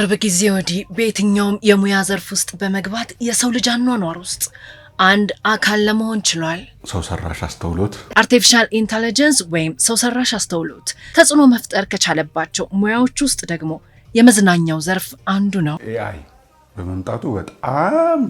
ከቅርብ ጊዜ ወዲህ በየትኛውም የሙያ ዘርፍ ውስጥ በመግባት የሰው ልጅ አኗኗር ውስጥ አንድ አካል ለመሆን ችሏል። ሰው ሰራሽ አስተውሎት አርቲፊሻል ኢንተለጀንስ ወይም ሰው ሰራሽ አስተውሎት ተጽዕኖ መፍጠር ከቻለባቸው ሙያዎች ውስጥ ደግሞ የመዝናኛው ዘርፍ አንዱ ነው። ኤአይ በመምጣቱ በጣም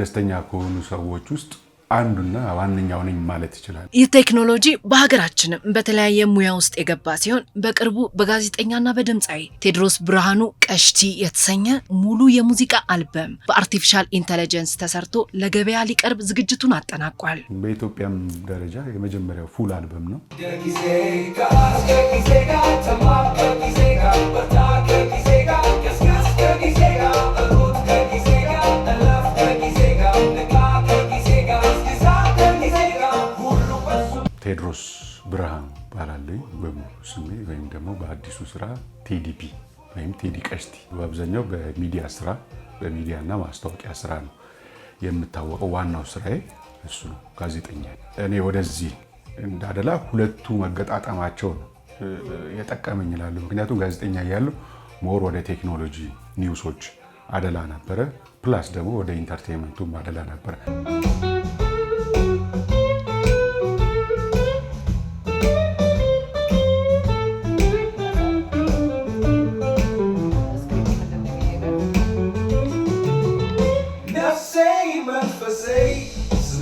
ደስተኛ ከሆኑ ሰዎች ውስጥ አንዱና ዋነኛው ነኝ ማለት ይችላል። ይህ ቴክኖሎጂ በሀገራችንም በተለያየ ሙያ ውስጥ የገባ ሲሆን በቅርቡ በጋዜጠኛና በድምፃዊ ቴዎድሮስ ብርሃኑ ቀሽቲ የተሰኘ ሙሉ የሙዚቃ አልበም በአርቲፊሻል ኢንተለጀንስ ተሰርቶ ለገበያ ሊቀርብ ዝግጅቱን አጠናቋል። በኢትዮጵያም ደረጃ የመጀመሪያው ፉል አልበም ነው። ጋር ቴድሮስ ብርሃን እባላለሁ። በሙሉ ስሜ ወይም ደግሞ በአዲሱ ስራ ቴዲፒ ወይም ቴዲ ቀሽቲ። በአብዛኛው በሚዲያ ስራ በሚዲያና ማስታወቂያ ስራ ነው የምታወቀው። ዋናው ስራዬ እሱ ነው፣ ጋዜጠኛ። እኔ ወደዚህ እንዳደላ ሁለቱ መገጣጠማቸው ነው የጠቀመኝ እላለሁ። ምክንያቱም ጋዜጠኛ እያለሁ ሞር ወደ ቴክኖሎጂ ኒውሶች አደላ ነበረ፣ ፕላስ ደግሞ ወደ ኢንተርቴንመንቱም አደላ ነበረ።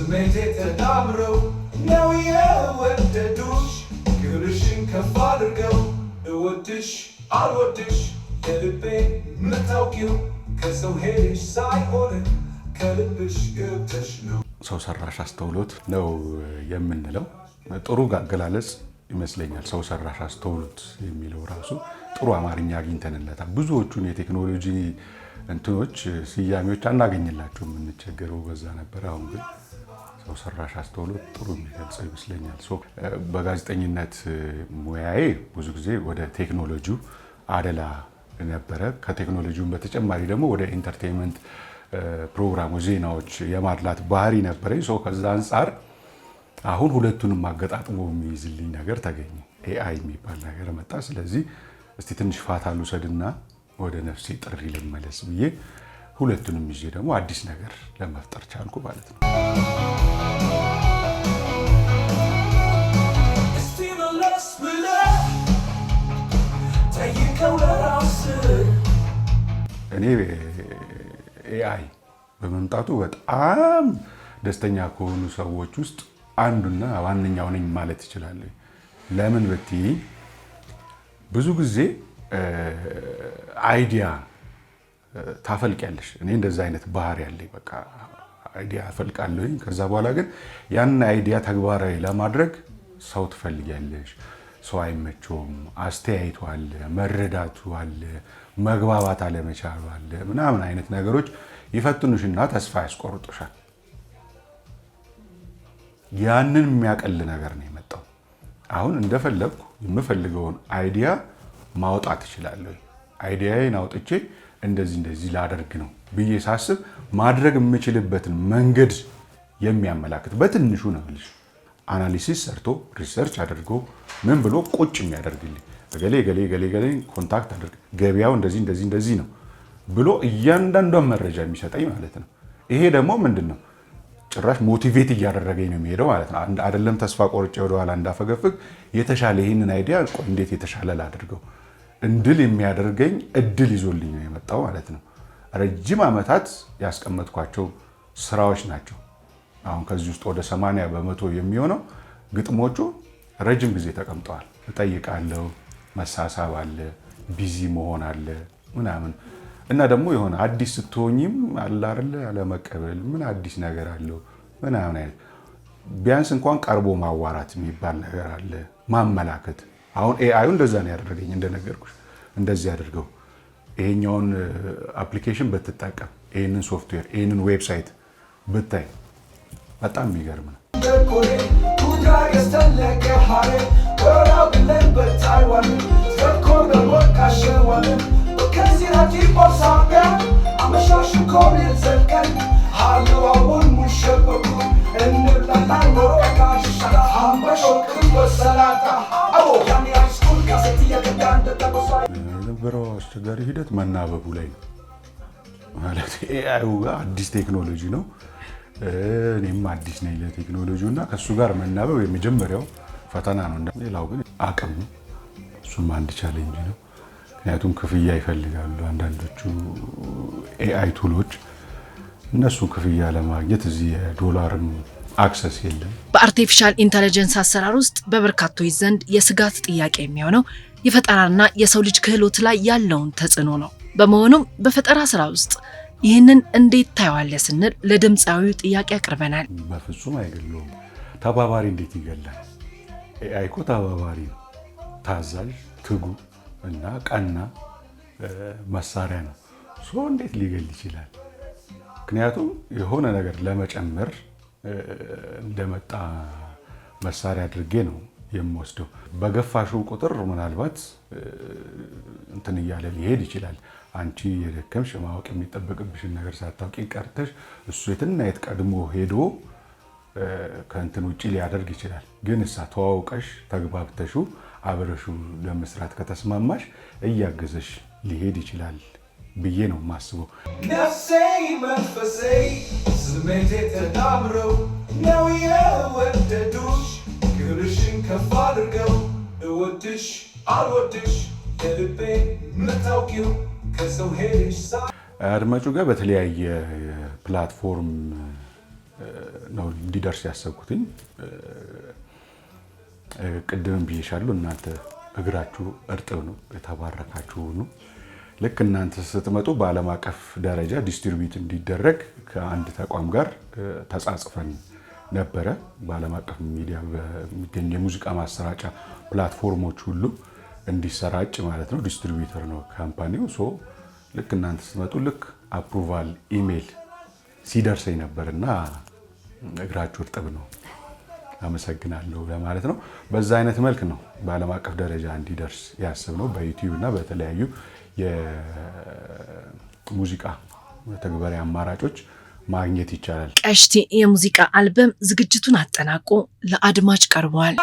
ስሜቴ ተዳምረው ነው የወደዱሽ ክብርሽን ከፍ አድርገው እወድሽ አልወድሽ የልቤ የምታውቂው ከሰው ሄድሽ ሳይሆን ከልብሽ ገብተሽ ነው። ሰው ሰራሽ አስተውሎት ነው የምንለው ጥሩ አገላለጽ ይመስለኛል። ሰው ሰራሽ አስተውሎት የሚለው ራሱ ጥሩ አማርኛ አግኝተንለታል። ብዙዎቹን የቴክኖሎጂ እንትኖች ስያሜዎች አናገኝላቸው የምንቸገረው በዛ ነበር። አሁን ግን ሰው ሰራሽ አስተውሎት ጥሩ የሚገልጸው ይመስለኛል። በጋዜጠኝነት ሙያዬ ብዙ ጊዜ ወደ ቴክኖሎጂው አደላ ነበረ። ከቴክኖሎጂውም በተጨማሪ ደግሞ ወደ ኢንተርቴንመንት ፕሮግራሞች፣ ዜናዎች የማድላት ባህሪ ነበረኝ። ሰው ከዛ አንጻር አሁን ሁለቱንም አገጣጥሞ የሚይዝልኝ ነገር ተገኘ። ኤአይ የሚባል ነገር መጣ። ስለዚህ እስቲ ትንሽ ፋታ ልውሰድና ወደ ነፍሴ ጥሪ ልመለስ ብዬ ሁለቱንም ይዤ ደግሞ አዲስ ነገር ለመፍጠር ቻልኩ ማለት ነው። እኔ ኤአይ በመምጣቱ በጣም ደስተኛ ከሆኑ ሰዎች ውስጥ አንዱና ዋነኛው ነኝ ማለት ይችላል። ለምን ብትይ ብዙ ጊዜ አይዲያ ታፈልቂያለሽ። እኔ እንደዚ አይነት ባህሪ ያለኝ በቃ አይዲያ አፈልቃለሁ። ከዛ በኋላ ግን ያን አይዲያ ተግባራዊ ለማድረግ ሰው ትፈልጊያለሽ። ሰው አይመቸውም፣ አስተያየቱ አለ፣ መረዳቱ አለ፣ መግባባት አለመቻሉ አለ፣ ምናምን አይነት ነገሮች ይፈትኑሽና ተስፋ ያስቆርጡሻል። ያንን የሚያቀል ነገር ነው የመጣው። አሁን እንደፈለግኩ የምፈልገውን አይዲያ ማውጣት እችላለሁ። አይዲያዬን አውጥቼ እንደዚህ እንደዚህ ላደርግ ነው ብዬ ሳስብ ማድረግ የምችልበትን መንገድ የሚያመላክት በትንሹ ነው ልሽ አናሊሲስ ሰርቶ ሪሰርች አድርጎ ምን ብሎ ቁጭ የሚያደርግልኝ እገሌ ገሌ ገሌ ገሌ ኮንታክት አድርግ ገበያው እንደዚህ እንደዚህ እንደዚህ ነው ብሎ እያንዳንዷን መረጃ የሚሰጠኝ ማለት ነው። ይሄ ደግሞ ምንድን ነው ጭራሽ ሞቲቬት እያደረገኝ ነው የሚሄደው ማለት ነው። አይደለም ተስፋ ቆርጬ ወደኋላ እንዳፈገፍግ የተሻለ ይህንን አይዲያ እንዴት የተሻለ ላድርገው እንድል የሚያደርገኝ እድል ይዞልኝ ነው የመጣው ማለት ነው። ረጅም ዓመታት ያስቀመጥኳቸው ስራዎች ናቸው። አሁን ከዚህ ውስጥ ወደ 80 በመቶ የሚሆነው ግጥሞቹ ረጅም ጊዜ ተቀምጠዋል። እጠይቃለሁ፣ መሳሳብ አለ፣ ቢዚ መሆን አለ ምናምን እና ደግሞ የሆነ አዲስ ስትሆኝም አላርለ አለመቀበል ምን አዲስ ነገር አለው ምናምን አይነት ቢያንስ እንኳን ቀርቦ ማዋራት የሚባል ነገር አለ ማመላከት አሁን ኤአዩ እንደዛ ነው ያደረገኝ እንደነገርኩሽ፣ እንደዚህ አድርገው ይሄኛውን አፕሊኬሽን ብትጠቀም ይህንን ሶፍትዌር ይህንን ዌብሳይት ብታይ በጣም የሚገርም ነው። ከዚህ አስቸጋሪ ሂደት መናበቡ ላይ ነው። ማለት ኤአዩ ጋር አዲስ ቴክኖሎጂ ነው። እኔም አዲስ ነኝ ለቴክኖሎጂው እና ከእሱ ጋር መናበብ የመጀመሪያው ፈተና ነው። ሌላው ግን አቅም ነው። እሱም አንድ ቻሌንጅ ነው። ምክንያቱም ክፍያ ይፈልጋሉ አንዳንዶቹ ኤአይ ቱሎች እነሱ ክፍያ ለማግኘት እዚህ የዶላርም አክሰስ የለም። በአርቲፊሻል ኢንተለጀንስ አሰራር ውስጥ በበርካቶች ዘንድ የስጋት ጥያቄ የሚሆነው የፈጠራና የሰው ልጅ ክህሎት ላይ ያለውን ተጽዕኖ ነው። በመሆኑም በፈጠራ ስራ ውስጥ ይህንን እንዴት ታየዋለህ ስንል ለድምፃዊው ጥያቄ አቅርበናል። በፍጹም አይገለውም። ተባባሪ እንዴት ይገላል? ኤአይ እኮ ተባባሪ ነው። ታዛዥ፣ ትጉ እና ቀና መሳሪያ ነው። ሶ እንዴት ሊገል ይችላል? ምክንያቱም የሆነ ነገር ለመጨመር እንደመጣ መሳሪያ አድርጌ ነው የምወስደው። በገፋሽው ቁጥር ምናልባት እንትን እያለ ሊሄድ ይችላል። አንቺ የደከምሽ ማወቅ የሚጠበቅብሽን ነገር ሳታውቂ ቀርተሽ እሱ የትናየት ቀድሞ ሄዶ ከእንትን ውጭ ሊያደርግ ይችላል። ግን እሳ ተዋውቀሽ ተግባብተሹ አብረሹ ለመስራት ከተስማማሽ እያገዘሽ ሊሄድ ይችላል ብዬ ነው የማስበው። ነፍሴ መንፈሴ ስሜቴ ነው የወደዱሽ ፍቅርሽን ከፍ አድርገው እወድሽ አልወድሽ የልቤ ምታውቂው ከሰው ሄድሽ አድማጩ ጋር በተለያየ ፕላትፎርም ነው እንዲደርስ ያሰብኩትኝ። ቅድም ብዬሻለሁ፣ እናንተ እግራችሁ እርጥብ ነው፣ የተባረካችሁ ነው። ልክ እናንተ ስትመጡ በዓለም አቀፍ ደረጃ ዲስትሪቢዩት እንዲደረግ ከአንድ ተቋም ጋር ተጻጽፈን ነበረ። በዓለም አቀፍ ሚዲያ በሚገኙ የሙዚቃ ማሰራጫ ፕላትፎርሞች ሁሉ እንዲሰራጭ ማለት ነው። ዲስትሪቢዩተር ነው ካምፓኒው። ሶ ልክ እናንተ ስትመጡ ልክ አፕሩቫል ኢሜይል ሲደርሰኝ ነበር እና እግራችሁ እርጥብ ነው አመሰግናለሁ ለማለት ነው። በዛ አይነት መልክ ነው በዓለም አቀፍ ደረጃ እንዲደርስ ያስብ ነው። በዩቲዩብ እና በተለያዩ የሙዚቃ ተግበሪያ አማራጮች ማግኘት ይቻላል። ቀሽቴ የሙዚቃ አልበም ዝግጅቱን አጠናቆ ለአድማጭ ቀርቧል።